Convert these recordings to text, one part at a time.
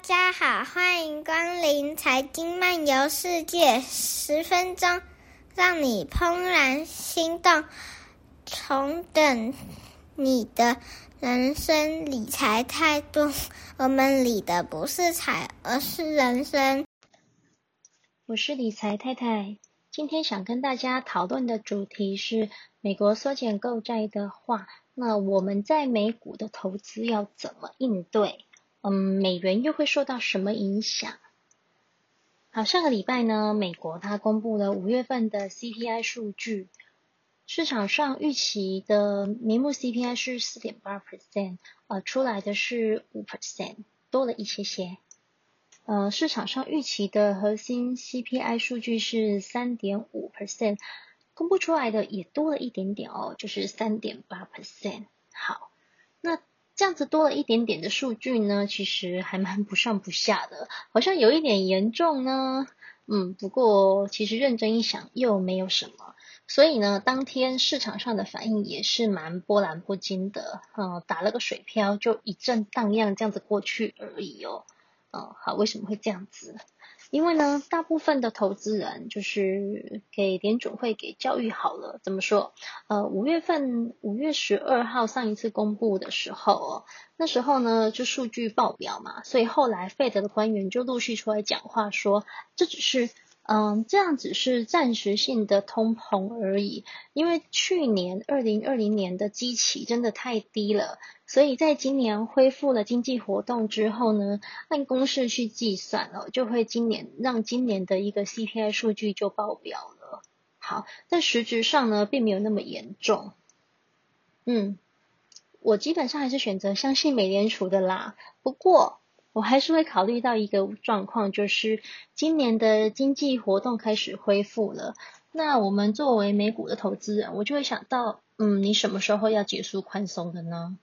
大家好，歡迎光臨財經漫遊世界，十分鐘讓你怦然心動，重整你的人生理財態度。我們理的不是財，而是人生。我是理財太太，今天想跟大家討論的主題是美國縮減購債的話，那我們在美股的投資要怎麼應對？嗯，美元又會受到什麼影響？好，上個禮拜呢，美國它公布了五月份的 CPI 數據，市場上預期的名目 CPI 是四點八 percent，呃，出來的是五 percent，多了一些些。呃，市場上預期的核心 CPI 數據是三點五 percent，公布出來的也多了一點點哦，就是三點八 percent。好，那。這樣子多了一點點的數據呢，其實還蠻不上不下的，好像有一點嚴重呢。嗯，不過其實認真一想又沒有什麼，所以呢，當天市場上的反應也是蠻波瀾不驚的，呃，打了個水漂就一陣蕩漾，這樣子過去而已哦。嗯，呃，好，為什麼會這樣子？因為呢，大部分的投資人就是給聯準會給教育好了。怎麼說？呃，五月份五月十二號上一次公布的時候哦，那時候呢就數據爆表嘛，所以後來費德的官員就陸續出來講話說，這只是。嗯，這樣只是暫時性的通膨而已，因為去年，二零二零年的基期真的太低了，所以在今年恢復了經濟活動之後呢，按公式去計算哦，就會今年，讓今年的一個 CPI 數據就爆表了。好，但實質上呢，並沒有那麼嚴重。嗯，我基本上還是選擇相信美聯儲的啦。不過。我還是會考慮到一個狀況，就是今年的經濟活動開始恢復了。那我們作為美股的投資人，我就會想到，嗯，你什麼時候要結束寬鬆的呢？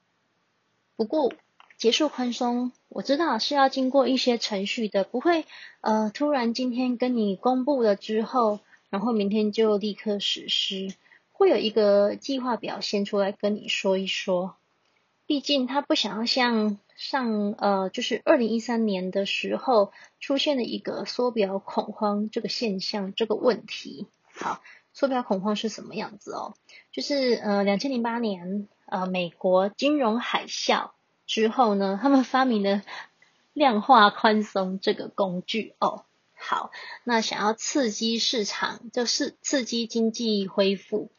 不過結束寬鬆，我知道是要經過一些程序的，不會呃突然今天跟你公布了之後，然後明天就立刻實施，會有一個計劃表先出來跟你說一說。畢竟他不想要像。上呃，就是二零一三年的時候，出現了一個縮表恐慌這個現象這個問題。好，縮表恐慌是什麼樣子哦？就是呃，兩千零八年呃，美國金融海嘯之後呢，他們發明了量化寬鬆這個工具哦。好，那想要刺激市場，就是刺激經濟恢復。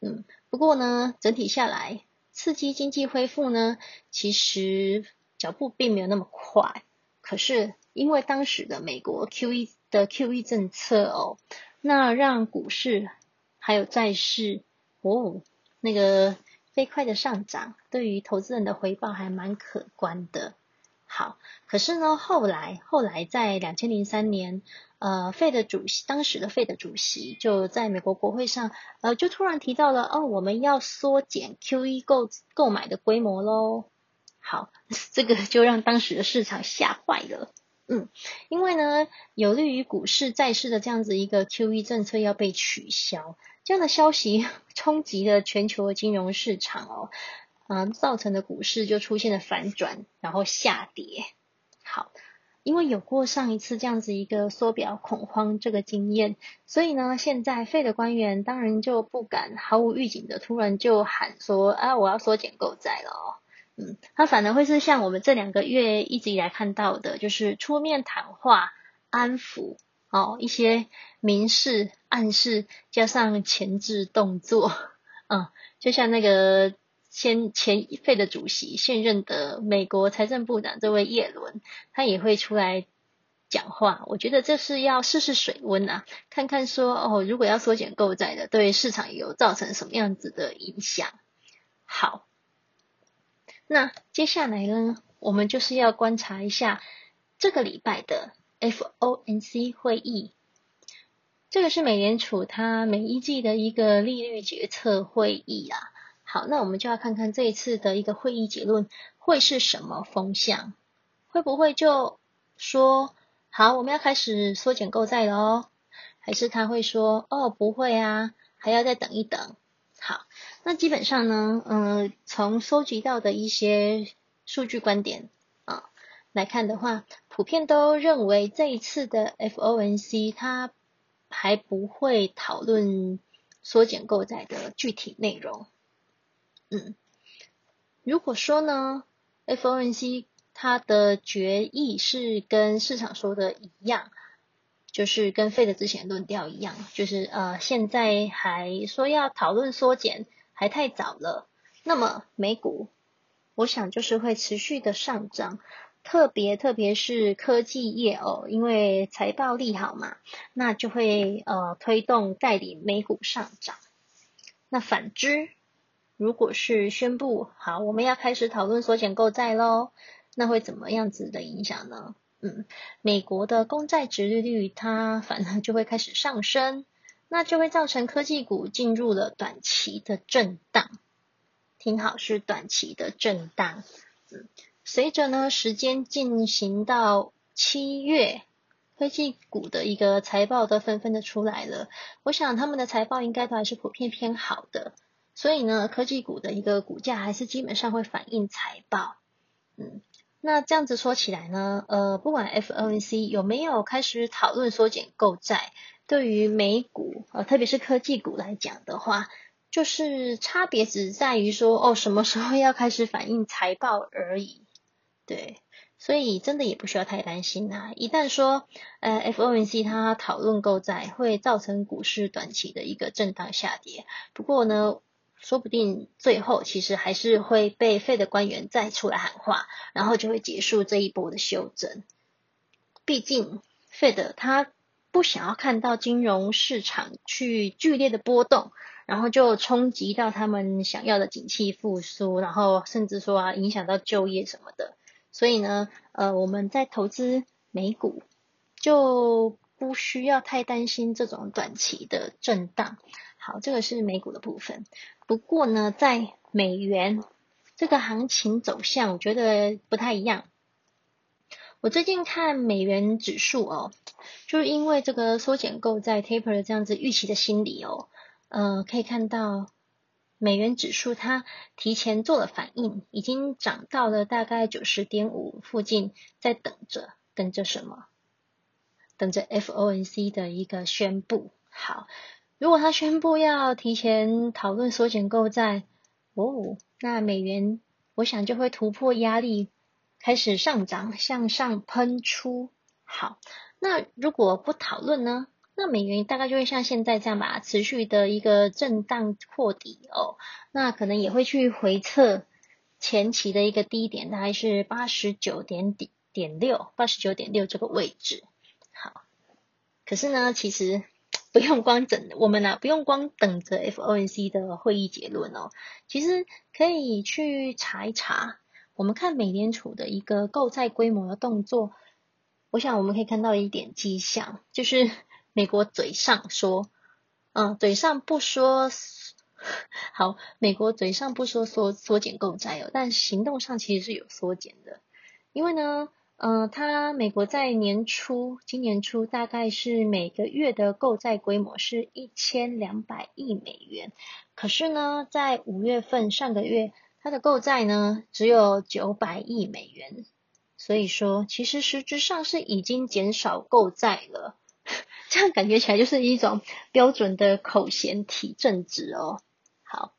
嗯，不過呢，整體下來刺激經濟恢復呢，其實。腳步並沒有那麼快，可是因為當時的美國 QE 的 QE 政策哦，那讓股市還有債市哦，那個飛快的上漲，對於投資人的回報還蠻可觀的。好，可是呢，後來後來在兩千零三年，呃，Fed 主席當時的 Fed 主席就在美國國會上，呃，就突然提到了哦，我們要縮減 QE 購購買的規模嘍。好，這個就讓當時的市場嚇壞了。嗯，因為呢，有利於股市債市的這樣子一個 QE 政策要被取消，這樣的消息衝擊了全球的金融市場哦，嗯、呃，造成的股市就出現了反轉，然後下跌。好，因為有過上一次這樣子一個縮表恐慌這個經驗，所以呢，現在 Fed 的官員當然就不敢毫無預警的突然就喊說啊，我要縮減購債了哦。嗯，他反而會是像我們這兩個月一直以來看到的，就是出面談話安撫哦，一些明示暗示，加上前置動作，嗯，就像那個先前一屆的主席，現任的美國財政部長這位耶倫，他也會出來講話。我覺得這是要試試水溫啊，看看說哦，如果要縮減購債的，對市場有造成什麼樣子的影響？好。那接下來呢，我們就是要觀察一下這個禮拜的 FOMC 會議。這個是美聯儲它每一季的一個利率決策會議啊。好，那我們就要看看這一次的一個會議結論會是什麼風向，會不會就說好我們要開始縮減購債了哦？還是他會說哦不會啊，還要再等一等？好，那基本上呢，嗯、呃，從收集到的一些數據觀點啊、呃、來看的話，普遍都認為這一次的 FOMC 它還不會討論縮減購債的具體內容。嗯，如果說呢，FOMC 它的決議是跟市場說的一樣，就是跟費德之前論調一樣，就是呃現在還說要討論縮減還太早了。那麼美股，我想就是會持續的上漲，特別特別是科技業哦，因為財報利好嘛，那就會呃推動帶領美股上漲。那反之，如果是宣布好，我們要開始討論縮減購債嘍，那會怎麼樣子的影響呢？嗯，美國的公債殖利率它反而就會開始上升，那就會造成科技股進入了短期的震盪。聽好，是短期的震盪。嗯，隨着呢時間進行到七月，科技股的一個財報都紛紛的出來了，我想他們的財報應該都還是普遍偏好的，所以呢科技股的一個股價還是基本上會反映財報。嗯。那這樣子說起來呢，呃，不管 FOMC 有沒有開始討論縮減購債，對於美股，呃，特別是科技股來講的話，就是差別只在於說，哦，什麼時候要開始反應財報而已，對，所以真的也不需要太擔心啊。一旦說，呃，FOMC 它討論購債，會造成股市短期的一個震盪下跌。不過呢，說不定最後其實還是會被 Fed 官員再出來喊話，然後就會結束這一波的修正。畢竟 Fed 他不想要看到金融市場去劇烈的波動，然後就衝擊到他們想要的景氣復甦，然後甚至說啊，影響到就業什麼的。所以呢，呃，我們在投資美股就不需要太擔心這種短期的震盪。好，這個是美股的部分。不過呢，在美元這個行情走向，我覺得不太一樣。我最近看美元指數哦，就是因為這個縮減購債在 taper 的這樣子預期的心理哦，呃，可以看到美元指數它提前做了反應，已經漲到了大概九十點五附近，在等着等着什麼，等着 FOMC 的一個宣布。好。如果他宣布要提前討論縮減購債，哦，那美元我想就會突破壓力，開始上漲，向上噴出。好，那如果不討論呢？那美元大概就會像現在這樣吧，持續的一個震盪擴底哦。那可能也會去回測前期的一個低點，大概是八十九點點點六，八十九點六這個位置。好，可是呢，其實。不用光等我們呢、啊，不用光等着 FOMC 的會議結論哦。其實可以去查一查，我們看美聯儲的一個購債規模的動作。我想我們可以看到一點跡象，就是美國嘴上說，嗯，嘴上不說，好，美國嘴上不說縮縮減購債哦，但行動上其實是有縮減的，因為呢。嗯，它、呃、美國在年初，今年初大概是每個月的購債規模是一千兩百億美元。可是呢，在五月份上個月，它的購債呢只有九百億美元。所以說，其實實質上是已經減少購債了。 這樣感覺起來就是一種標準的口嫌體正直哦。好，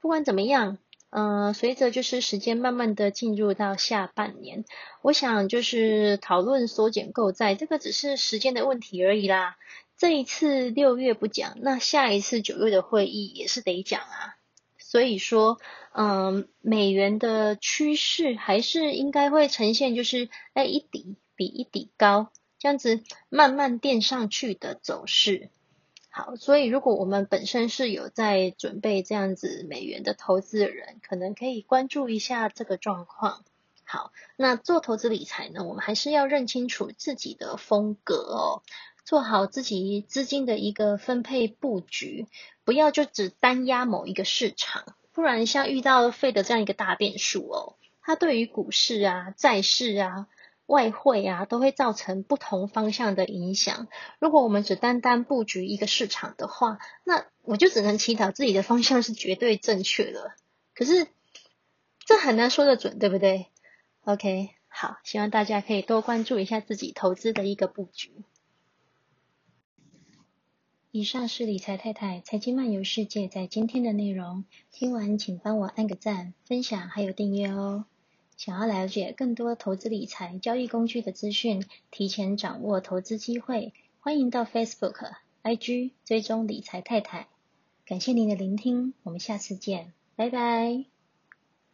不管怎麼樣。嗯，隨着就是時間慢慢的進入到下半年，我想就是討論縮減購債，這個只是時間的問題而已啦。這一次六月不講，那下一次九月的會議也是得講啊。所以說，嗯，美元的趨勢還是應該會呈現就是誒、欸、一底比一底高，這樣子慢慢墊上去的走勢。好，所以如果我們本身是有在準備這樣子美元的投資的人，可能可以關注一下這個狀況。好，那做投資理財呢，我們還是要認清楚自己的風格哦，做好自己資金的一個分配佈局，不要就只單壓某一個市場，不然像遇到費德這樣一個大變數哦，它對於股市啊、債市啊。外匯啊，都會造成不同方向的影響。如果我們只單單布局一個市場的話，那我就只能祈禱自己的方向是絕對正確的。可是這很難說得準，對不對？OK，好，希望大家可以多關注一下自己投資的一個布局。以上是理財太太，財經漫遊世界在今天的內容。聽完請幫我按個讚、分享還有訂閱哦。想要了解更多投資理財、交易工具的資訊，提前掌握投資機會，歡迎到 Facebook、IG 追蹤理財太太。感謝您的聆聽，我們下次見，拜拜。